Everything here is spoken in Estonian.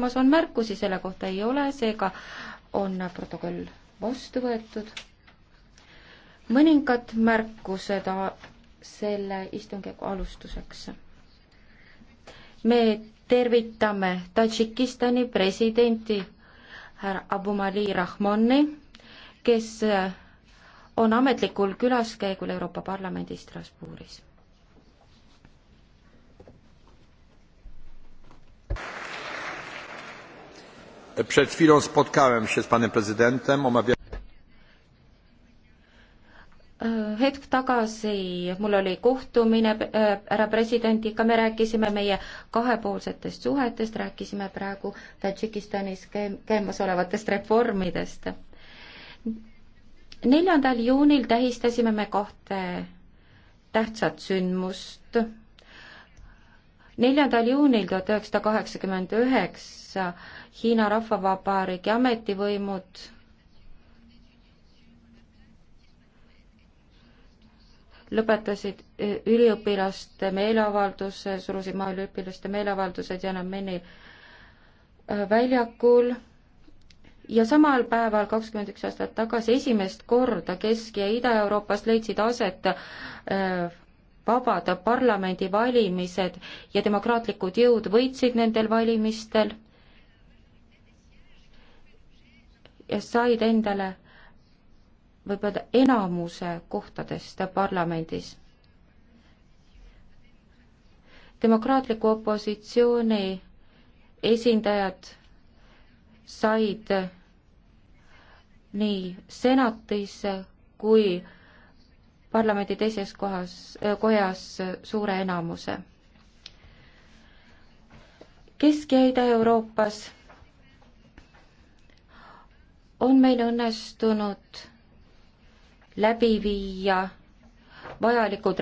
liikmas on märkusi, selle kohta ei ole, seega on protokoll vastu võetud. mõningad märkused selle istungi alustuseks. me tervitame Tadžikistani presidenti härra Abumali Rahmoni, kes on ametlikul külaskäigul Euroopa Parlamendi Strasbourgis Przed chwilą spotkałem się z panem prezydentem, omawia- hetk tagasi mul oli kohtumine eh, härra presidendiga, me rääkisime meie kahepoolsetest suhetest, rääkisime praegu Tadžikistanis käimasolevatest reformidest. neljandal juunil tähistasime me kahte tähtsat sündmust neljandal juunil tuhat üheksasada kaheksakümmend üheksa Hiina Rahvavabariigi ametivõimud lõpetasid üliõpilaste meeleavalduse, surusid maha üliõpilaste meeleavaldused Tiananmeni äh, väljakul ja samal päeval, kakskümmend üks aastat tagasi, esimest korda Kesk- ja Ida-Euroopas leidsid aset äh, vabad parlamendivalimised ja demokraatlikud jõud võitsid nendel valimistel ja said endale võib öelda enamuse kohtadest parlamendis. demokraatliku opositsiooni esindajad said nii senatis kui parlamendi teises kohas, kojas suure enamuse. Kesk- ja Ida-Euroopas on meil õnnestunud läbi viia vajalikud